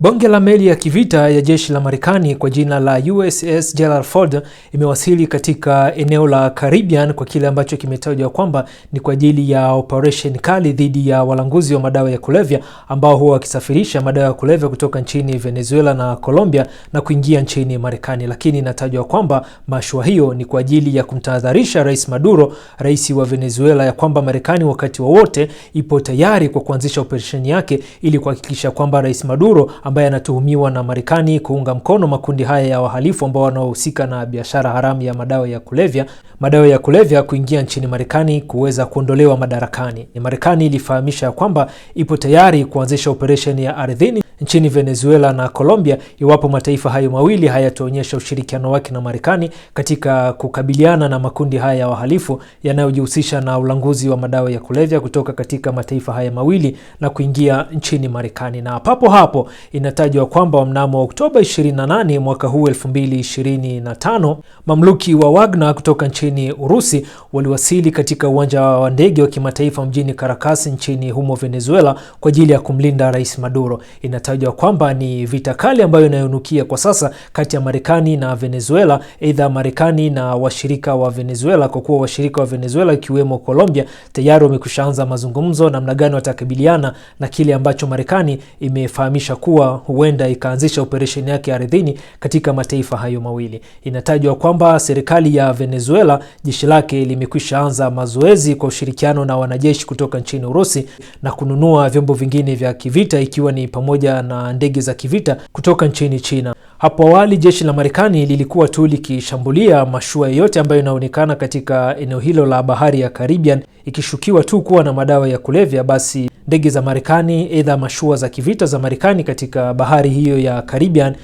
Bonge la meli ya kivita ya jeshi la Marekani kwa jina la USS Gerald Ford imewasili katika eneo la Caribbean kwa kile ambacho kimetajwa kwamba ni kwa ajili ya operation kali dhidi ya walanguzi wa madawa ya kulevya ambao huwa wakisafirisha madawa ya kulevya kutoka nchini Venezuela na Colombia na kuingia nchini Marekani, lakini inatajwa kwamba mashua hiyo ni kwa ajili ya kumtahadharisha Rais Maduro, rais wa Venezuela, ya kwamba Marekani wakati wowote wa ipo tayari kwa kuanzisha operesheni yake ili kuhakikisha kwamba Rais Maduro ambaye anatuhumiwa na Marekani kuunga mkono makundi haya ya wahalifu ambao wanaohusika na biashara haramu ya madawa ya kulevya, madawa ya kulevya kuingia nchini Marekani kuweza kuondolewa madarakani. Marekani ilifahamisha kwamba ipo tayari kuanzisha operesheni ya ardhini nchini Venezuela na Colombia iwapo mataifa hayo mawili hayataonyesha ushirikiano wake na Marekani katika kukabiliana na makundi haya ya wahalifu yanayojihusisha na ulanguzi wa madawa ya kulevya kutoka katika mataifa haya mawili na kuingia nchini Marekani. Na papo hapo Inatajwa kwamba mnamo Oktoba 28 mwaka huu 2025, mamluki wa Wagner kutoka nchini Urusi waliwasili katika uwanja wa ndege wa kimataifa mjini Caracas nchini humo Venezuela kwa ajili ya kumlinda Rais Maduro. Inatajwa kwamba ni vita kali ambayo inayonukia kwa sasa kati ya Marekani na Venezuela, aidha Marekani na washirika wa Venezuela, kwa kuwa washirika wa Venezuela ikiwemo Colombia tayari wamekushaanza mazungumzo namna gani watakabiliana na kile ambacho Marekani imefahamisha kuwa kuwa huenda ikaanzisha operesheni yake ardhini katika mataifa hayo mawili. Inatajwa kwamba serikali ya Venezuela jeshi lake limekwisha anza mazoezi kwa ushirikiano na wanajeshi kutoka nchini Urusi na kununua vyombo vingine vya kivita ikiwa ni pamoja na ndege za kivita kutoka nchini China. Hapo awali jeshi la Marekani lilikuwa tu likishambulia mashua yoyote ambayo inaonekana katika eneo hilo la bahari ya Caribbean ikishukiwa tu kuwa na madawa ya kulevya, basi ndege za Marekani, aidha mashua za kivita za Marekani katika bahari hiyo ya Caribbean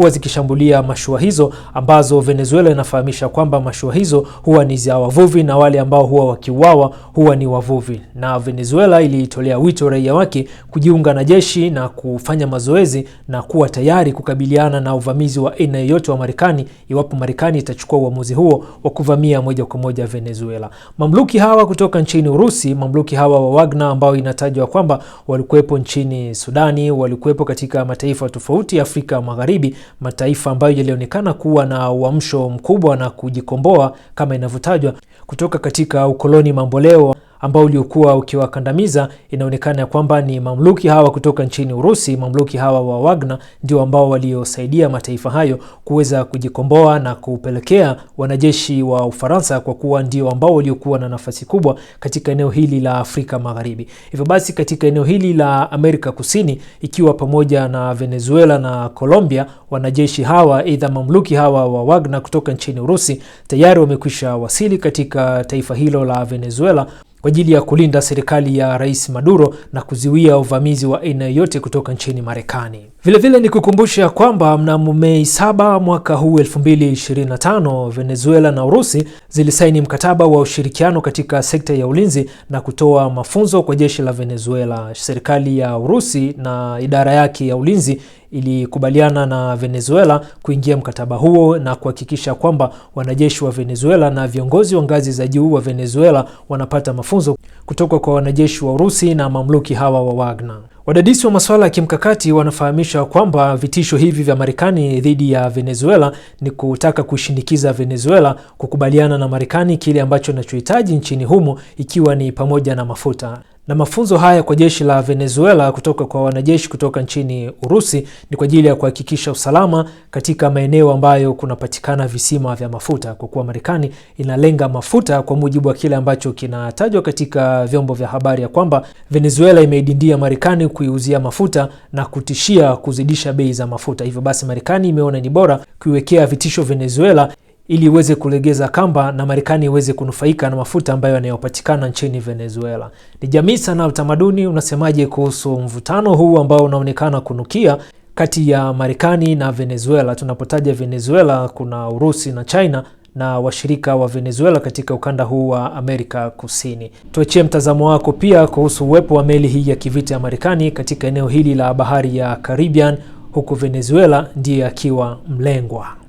huwa zikishambulia mashua hizo ambazo Venezuela inafahamisha kwamba mashua hizo huwa ni za wavuvi na wale ambao huwa wakiuawa huwa ni wavuvi, na Venezuela iliitolea wito raia wake kujiunga na jeshi na kufanya mazoezi na kuwa tayari kukabiliana na uvamizi wa aina yoyote wa Marekani iwapo Marekani itachukua uamuzi huo wa kuvamia moja kwa moja Venezuela. Mamluki hawa kutoka nchini Urusi, mamluki hawa wa Wagner ambao inatajwa kwamba walikuwepo nchini Sudani, walikuwepo katika mataifa tofauti ya Afrika Magharibi mataifa ambayo yalionekana kuwa na uamsho mkubwa na kujikomboa kama inavyotajwa kutoka katika ukoloni mamboleo ambao uliokuwa ukiwakandamiza. Inaonekana ya kwamba ni mamluki hawa kutoka nchini Urusi, mamluki hawa wa Wagner ndio ambao waliosaidia mataifa hayo kuweza kujikomboa na kupelekea wanajeshi wa Ufaransa, kwa kuwa ndio ambao waliokuwa na nafasi kubwa katika eneo hili la Afrika Magharibi. Hivyo basi, katika eneo hili la Amerika Kusini, ikiwa pamoja na Venezuela na Colombia, wanajeshi hawa aidha mamluki hawa wa Wagner kutoka nchini Urusi tayari wamekwisha wasili katika taifa hilo la Venezuela kwa ajili ya kulinda serikali ya Rais Maduro na kuzuia uvamizi wa aina yoyote kutoka nchini Marekani. Vilevile ni kukumbusha kwamba mnamo Mei 7 mwaka huu 2025, Venezuela na Urusi zilisaini mkataba wa ushirikiano katika sekta ya ulinzi na kutoa mafunzo kwa jeshi la Venezuela. Serikali ya Urusi na idara yake ya ulinzi ilikubaliana na Venezuela kuingia mkataba huo na kuhakikisha kwamba wanajeshi wa Venezuela na viongozi wa ngazi za juu wa Venezuela wanapata mafunzo kutoka kwa wanajeshi wa Urusi na mamluki hawa wa Wagner. Wadadisi wa masuala ya kimkakati wanafahamisha kwamba vitisho hivi vya Marekani dhidi ya Venezuela ni kutaka kushinikiza Venezuela kukubaliana na Marekani kile ambacho inachohitaji nchini humo ikiwa ni pamoja na mafuta. Na mafunzo haya kwa jeshi la Venezuela kutoka kwa wanajeshi kutoka nchini Urusi ni kwa ajili ya kuhakikisha usalama katika maeneo ambayo kunapatikana visima vya mafuta, kwa kuwa Marekani inalenga mafuta, kwa mujibu wa kile ambacho kinatajwa katika vyombo vya habari ya kwamba Venezuela imeidindia Marekani kuiuzia mafuta na kutishia kuzidisha bei za mafuta. Hivyo basi, Marekani imeona ni bora kuiwekea vitisho Venezuela ili iweze kulegeza kamba na Marekani iweze kunufaika na mafuta ambayo yanayopatikana nchini Venezuela. Ni jamii sana utamaduni, unasemaje kuhusu mvutano huu ambao unaonekana kunukia kati ya Marekani na Venezuela? Tunapotaja Venezuela, kuna Urusi na China na washirika wa Venezuela katika ukanda huu wa Amerika Kusini. Tuachie mtazamo wako pia kuhusu uwepo wa meli hii ya kivita ya Marekani katika eneo hili la bahari ya Caribbean, huku Venezuela ndiye akiwa mlengwa.